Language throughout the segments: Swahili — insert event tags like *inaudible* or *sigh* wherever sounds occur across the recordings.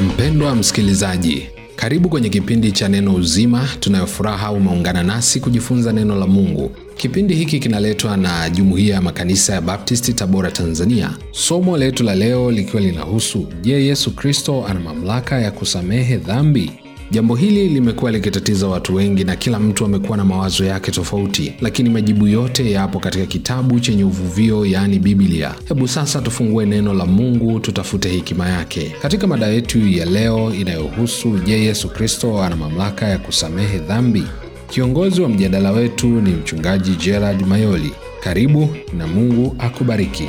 Mpendwa msikilizaji, karibu kwenye kipindi cha Neno Uzima. Tunayofuraha umeungana nasi kujifunza neno la Mungu. Kipindi hiki kinaletwa na Jumuiya ya Makanisa ya Baptisti, Tabora, Tanzania. Somo letu la leo likiwa linahusu je, Yesu Kristo ana mamlaka ya kusamehe dhambi? Jambo hili limekuwa likitatiza watu wengi na kila mtu amekuwa na mawazo yake tofauti, lakini majibu yote yapo katika kitabu chenye uvuvio, yaani Biblia. Hebu sasa tufungue neno la Mungu, tutafute hekima yake katika mada yetu ya leo inayohusu je, Yesu Kristo ana mamlaka ya kusamehe dhambi? Kiongozi wa mjadala wetu ni Mchungaji Gerard Mayoli. Karibu na Mungu akubariki.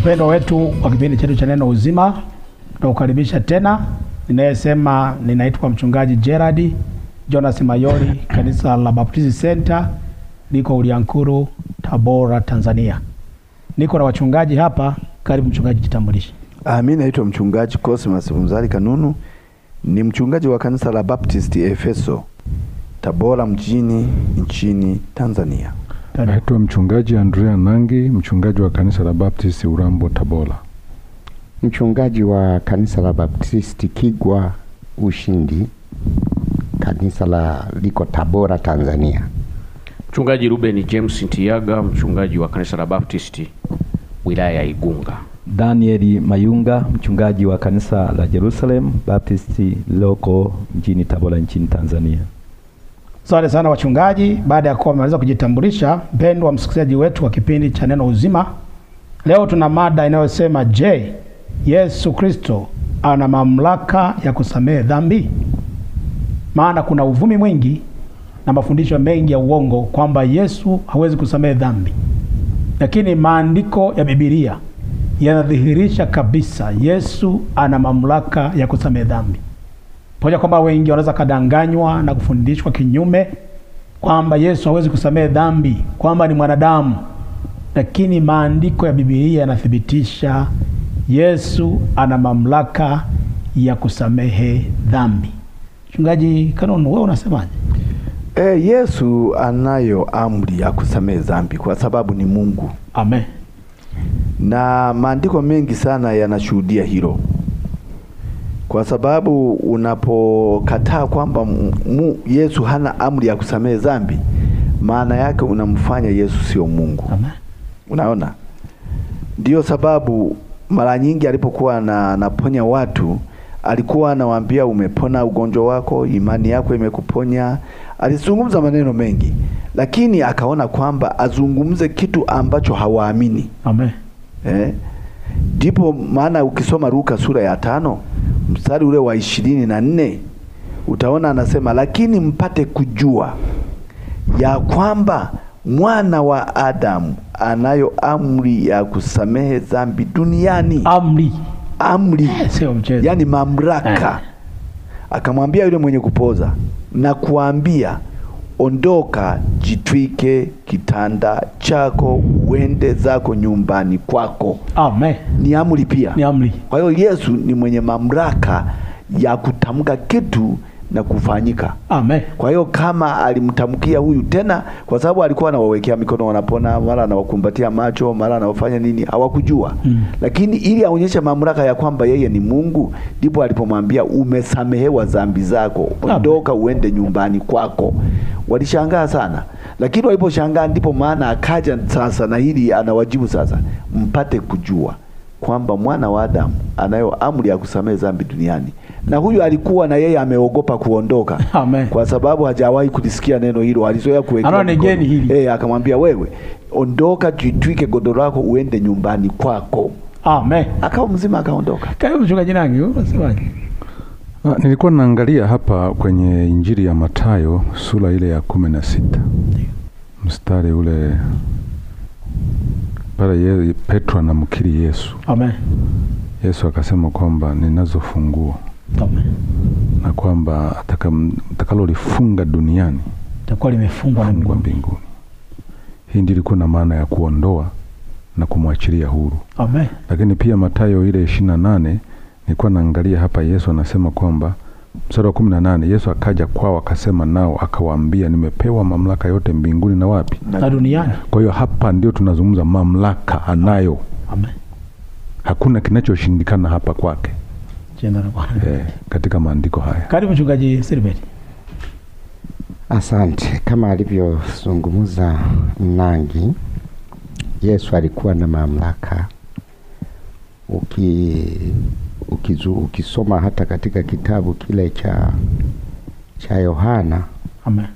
Mpendo wetu wa kipindi chetu cha neno uzima, tunakukaribisha tena. Ninayesema ninaitwa mchungaji Gerard Jonas Mayori, *coughs* kanisa la Baptist Center liko Uliankuru, Tabora, Tanzania. Niko na wachungaji hapa. Karibu mchungaji, jitambulishe. Ah, mimi naitwa mchungaji Cosmas Mzali Kanunu, ni mchungaji wa kanisa la Baptist Efeso, Tabora mjini, nchini Tanzania. Naitwa mchungaji Andrea Nangi, mchungaji wa kanisa la Baptisti Urambo, Tabora, mchungaji wa kanisa la Baptisti Kigwa Ushindi, kanisa la liko Tabora, Tanzania. Mchungaji Ruben James Ntiyaga, mchungaji wa kanisa la Baptisti wilaya ya Igunga. daniel Mayunga, mchungaji wa kanisa la Jerusalem Baptisti loko mjini Tabora nchini Tanzania. Asante sana wachungaji, baada ya kuwa wamemaliza kujitambulisha, mpendwa msikilizaji wetu wa kipindi cha Neno Uzima, leo tuna mada inayosema je, Yesu Kristo ana mamlaka ya kusamehe dhambi? Maana kuna uvumi mwingi na mafundisho mengi ya uongo kwamba Yesu hawezi kusamehe dhambi, lakini maandiko ya Biblia yanadhihirisha kabisa Yesu ana mamlaka ya kusamehe dhambi pamoja kwamba wengi wanaweza kadanganywa na kufundishwa kinyume kwamba Yesu hawezi kusamehe dhambi, kwamba ni mwanadamu, lakini maandiko ya Biblia yanathibitisha Yesu ana mamlaka ya kusamehe dhambi. Mchungaji Kanono, wewe unasemaje? E, Yesu anayo amri ya kusamehe dhambi kwa sababu ni Mungu. Amen. Na maandiko mengi sana yanashuhudia hilo kwa sababu unapokataa kwamba Yesu hana amri ya kusamehe dhambi, maana yake unamfanya Yesu sio Mungu. Amen. Unaona, ndiyo sababu mara nyingi alipokuwa anaponya watu alikuwa anawaambia umepona ugonjwa wako, imani yako imekuponya. Alizungumza maneno mengi, lakini akaona kwamba azungumze kitu ambacho hawaamini. Amen. Eh? Ndipo maana ukisoma Luka sura ya tano mstari ule wa ishirini na nne utaona anasema, lakini mpate kujua ya kwamba mwana wa Adamu anayo amri ya kusamehe dhambi duniani. Amri, amri, eh, yani mamlaka. Eh. Akamwambia yule mwenye kupoza, nakuambia Ondoka, jitwike kitanda chako, uende zako nyumbani kwako. Amen. Ni amri pia, ni amri. Kwa hiyo Yesu ni mwenye mamlaka ya kutamka kitu na kufanyika. Amen. Kwa hiyo kama alimtamkia huyu tena, kwa sababu alikuwa anawawekea mikono wanapona, mara anawakumbatia macho, mara anawafanya nini, hawakujua mm. Lakini ili aonyeshe mamlaka ya kwamba yeye ni Mungu, ndipo alipomwambia umesamehewa dhambi zako, ondoka uende nyumbani kwako. Walishangaa sana, lakini waliposhangaa ndipo maana akaja sasa, na hili anawajibu sasa, mpate kujua kwamba mwana wa Adamu anayo amri ya kusamehe dhambi duniani na huyu alikuwa na yeye ameogopa kuondoka. Amen. Kwa sababu hajawahi kulisikia neno hilo, alizoea kuwekwa geni hili. Eh, akamwambia wewe, ondoka, jitwike godoro lako uende nyumbani kwako. Amen. Akawa mzima akaondoka. Karibu mchungaji nangi, unasemaje? Ha, ah, nilikuwa naangalia hapa kwenye Injili ya Mathayo sura ile ya kumi na sita mstari ule pale Petro anamkiri Yesu. Amen. Yesu akasema kwamba ninazo funguo na kwamba atakalolifunga duniani takuwa limefungwa na mbinguni. mbinguni. Hii ndio ilikuwa na maana ya kuondoa na kumwachilia huru. Amen. Lakini pia Mathayo ile ishirini na nane nilikuwa naangalia hapa, Yesu anasema kwamba mstari wa kumi na nane Yesu akaja kwao akasema nao akawaambia, nimepewa mamlaka yote mbinguni na wapi na duniani. Kwa hiyo hapa ndio tunazungumza mamlaka anayo. Amen. Hakuna kinachoshindikana hapa kwake jina la Bwana. Eh, katika maandiko haya. Karibu mchungaji Silbert. Asante. Kama alivyozungumza Nangi, Yesu alikuwa na mamlaka. Uki, ukizu, ukisoma hata katika kitabu kile cha cha Yohana. Amen.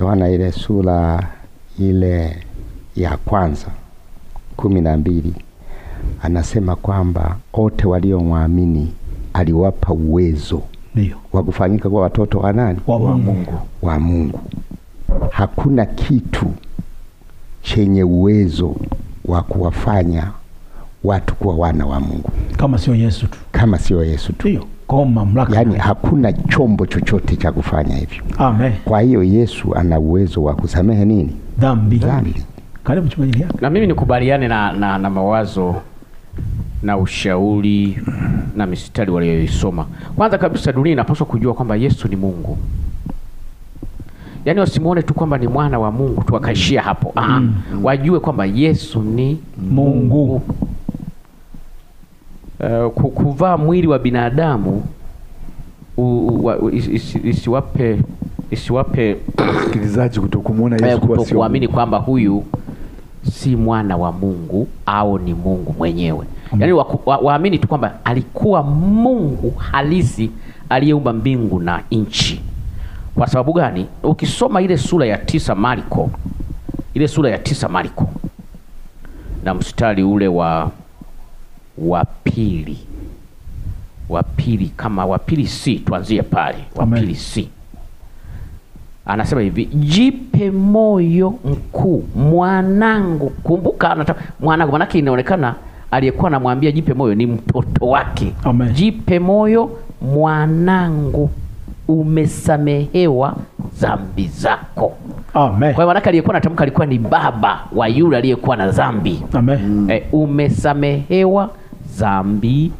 Yohana ile sura ile ya kwanza kumi na mbili anasema kwamba wote waliomwamini aliwapa uwezo wa kufanyika kwa watoto wa nani? Wa Mungu. Wa Mungu. Hakuna kitu chenye uwezo wa kuwafanya watu kuwa wana wa Mungu kama sio Yesu tu, kama sio Yesu tu. Ndio. Kwa mamlaka. Yaani hakuna chombo chochote cha kufanya hivyo. Amen. Kwa hiyo Yesu ana uwezo wa kusamehe nini? Dhambi. Dhambi. Karibu chumba hili. Na mimi nikubaliane na, na, na mawazo na ushauri na mistari waliyoisoma Kwanza kabisa, dunia inapaswa kujua kwamba Yesu ni Mungu, yaani wasimuone tu kwamba ni mwana wa Mungu tu wakaishia hapo. Aha, mm. wajue kwamba Yesu ni Mungu. Uh, kuvaa mwili wa binadamu isiwape isiwape msikilizaji kutokumwona Yesu eh, kwa kuamini kwamba huyu si mwana wa Mungu au ni Mungu mwenyewe yaani waamini tu kwamba alikuwa Mungu halisi aliyeumba mbingu na nchi. Kwa sababu gani? Ukisoma ile sura ya tisa Marko, ile sura ya tisa Marko na mstari ule wa wa pili wa pili kama wa pili si tuanzie pale wa pili si anasema hivi, jipe moyo mkuu mwanangu. Kumbuka mwanangu, manake inaonekana aliyekuwa anamwambia jipe moyo ni mtoto wake. Amen. Jipe moyo mwanangu, umesamehewa dhambi zako. Amen. Kwa maana aliyekuwa anatamka alikuwa ni baba wa yule aliyekuwa na dhambi. Amen. E, umesamehewa dhambi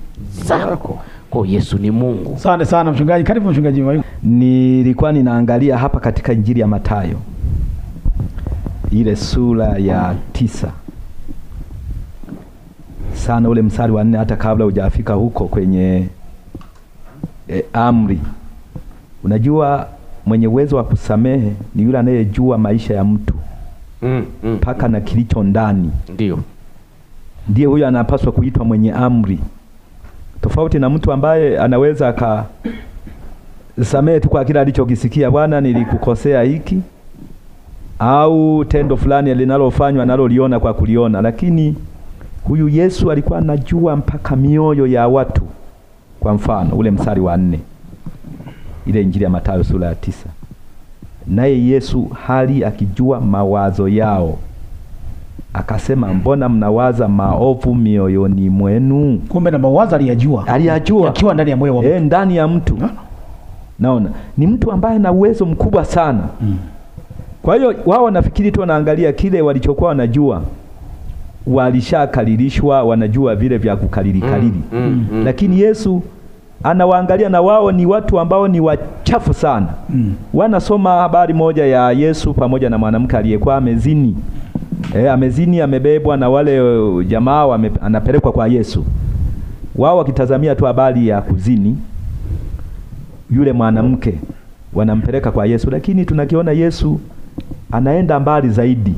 zako. Kwa Yesu ni Mungu. Asante sana mchungaji. Karibu mchungaji Nilikuwa ninaangalia hapa katika Injili ya Mathayo ile sura ya tisa sana ule msari wa nne hata kabla hujafika huko kwenye e, amri. Unajua, mwenye uwezo wa kusamehe ni yule anayejua maisha ya mtu mm, mm, mpaka mm, na kilicho ndani, ndio ndiye huyo anapaswa kuitwa mwenye amri, tofauti na mtu ambaye anaweza akasamehe tu kwa kila alichokisikia, bwana, nilikukosea hiki au tendo fulani linalofanywa naloliona kwa kuliona, lakini Huyu Yesu alikuwa anajua mpaka mioyo ya watu. Kwa mfano ule msari wa nne ile Injili ya Mathayo sura ya tisa, naye Yesu hali akijua mawazo yao akasema, mbona mnawaza maovu mioyoni mwenu? Kumbe na mawazo aliyajua, aliyajua akiwa ndani ya moyo wa mtu, e, ndani ya mtu ha? Naona ni mtu ambaye ana uwezo mkubwa sana mm. Kwa hiyo wao wanafikiri tu wanaangalia kile walichokuwa wanajua walishakaririshwa, wanajua vile vya kukalirikaliri mm, mm, mm. Lakini Yesu anawaangalia na wao ni watu ambao ni wachafu sana mm. Wanasoma habari moja ya Yesu pamoja na mwanamke aliyekuwa amezini e, amezini amebebwa na wale uh, jamaa wame, anapelekwa kwa Yesu, wao wakitazamia tu habari ya kuzini yule mwanamke, wanampeleka kwa Yesu, lakini tunakiona Yesu anaenda mbali zaidi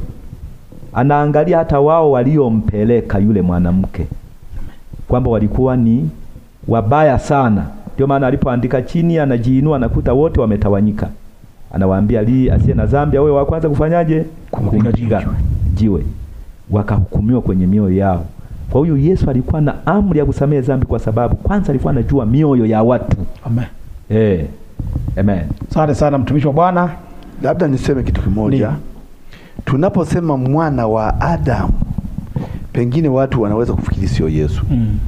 anaangalia hata wao waliompeleka yule mwanamke kwamba walikuwa ni wabaya sana. Ndio maana alipoandika chini, anajiinua anakuta wote wametawanyika, anawaambia li asiye na dhambi wewe wa kwanza kufanyaje? Kumpiga jiwe. Wakahukumiwa kwenye mioyo yao. Kwa hiyo Yesu alikuwa na amri ya kusamehe dhambi, kwa sababu kwanza alikuwa anajua mioyo ya watu. Amen. Eh. Amen. Asante sana mtumishi wa Bwana, labda niseme kitu kimoja Ni tunaposema mwana wa Adamu, pengine watu wanaweza kufikiri sio Yesu mm.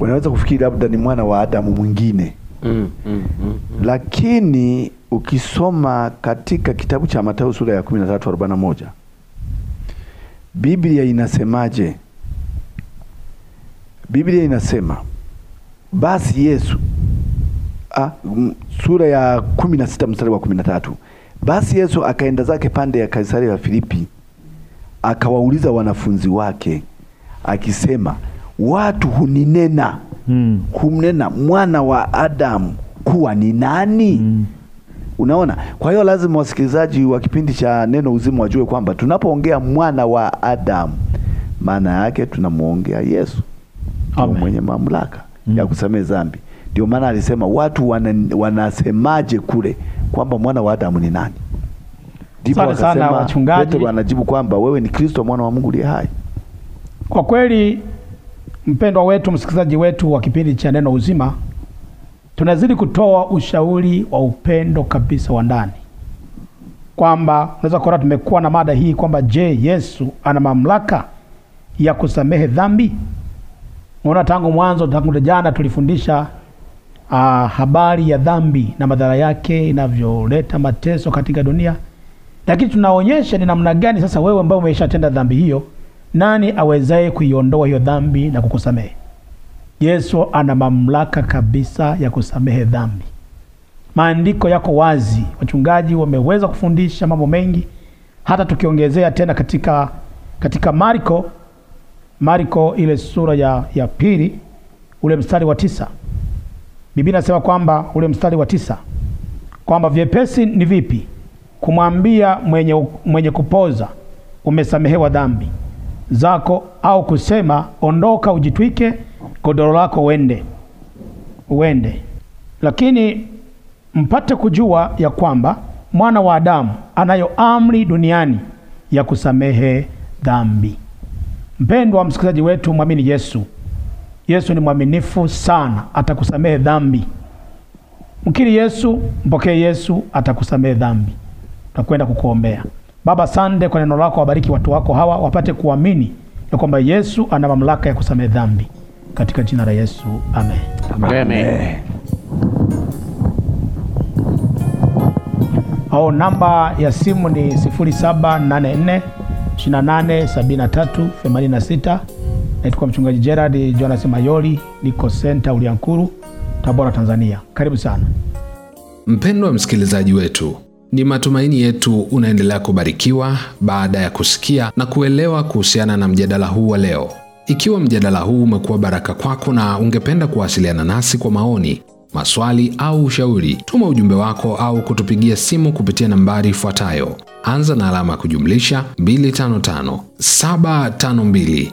wanaweza kufikiri labda ni mwana wa Adamu mwingine mm, mm, mm, mm, lakini ukisoma katika kitabu cha Mathayo sura ya 13 41 Biblia inasemaje? Biblia inasema basi Yesu ah, sura ya 16 mstari wa tatu basi Yesu akaenda zake pande ya Kaisaria ya Filipi, akawauliza wanafunzi wake akisema, watu huninena hmm. humnena mwana wa Adamu kuwa ni nani? hmm. Unaona, kwa hiyo lazima wasikilizaji wa kipindi cha Neno Uzima wajue kwamba tunapoongea mwana wa Adamu, maana yake tunamwongea Yesu, ndio mwenye mamlaka hmm. ya kusamehe dhambi. Ndio maana alisema watu wana, wanasemaje kule kwamba mwana wa Adamu ni nani. Ndipo akasema wachungaji, Petro anajibu kwamba wewe ni Kristo mwana wa Mungu aliye hai. Kwa kweli, mpendwa wetu, msikilizaji wetu wa kipindi cha Neno Uzima, tunazidi kutoa ushauri wa upendo kabisa wa ndani kwamba unaweza kuona tumekuwa na mada hii kwamba je, Yesu ana mamlaka ya kusamehe dhambi? Unaona, tangu mwanzo, tangu jana tulifundisha uh, habari ya dhambi na madhara yake inavyoleta mateso katika dunia, lakini tunaonyesha ni namna gani sasa wewe ambaye umeshatenda dhambi hiyo, nani awezaye kuiondoa hiyo dhambi na kukusamehe? Yesu ana mamlaka kabisa ya kusamehe dhambi. Maandiko yako wazi, wachungaji wameweza kufundisha mambo mengi, hata tukiongezea tena katika, katika Marko Marko ile sura ya, ya pili ule mstari wa tisa Biblia inasema kwamba ule mstari wa tisa kwamba vyepesi ni vipi kumwambia mwenye, mwenye kupoza umesamehewa dhambi zako, au kusema ondoka, ujitwike godoro lako uende uende. Lakini mpate kujua ya kwamba mwana wa Adamu anayo amri duniani ya kusamehe dhambi. Mpendwa msikilizaji wetu, mwamini Yesu Yesu ni mwaminifu sana, atakusamehe dhambi. Mkiri Yesu, mpokee Yesu, atakusamehe dhambi. Tutakwenda kukuombea. Baba, sande kwa neno lako, wabariki watu wako hawa wapate kuamini ya kwamba Yesu ana mamlaka ya kusamehe dhambi, katika jina la Yesu, amen. Amen. Amen. Oh, namba ya simu ni 0784 86 Naitwa mchungaji Gerard Jonas Mayoli, niko senta Uliankuru, Tabora, Tanzania. Karibu sana mpendwa msikilizaji wetu. Ni matumaini yetu unaendelea kubarikiwa baada ya kusikia na kuelewa kuhusiana na mjadala huu wa leo. Ikiwa mjadala huu umekuwa baraka kwako na ungependa kuwasiliana nasi kwa maoni, maswali au ushauri, tuma ujumbe wako au kutupigia simu kupitia nambari ifuatayo: anza na alama ya kujumlisha 255 752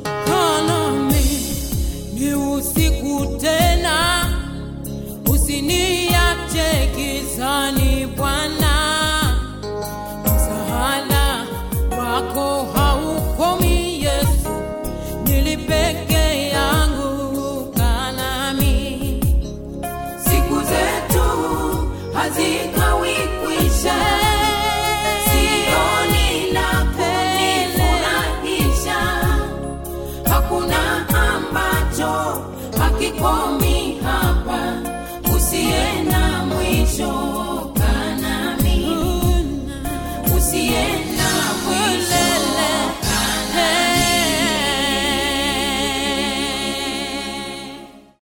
Brasil.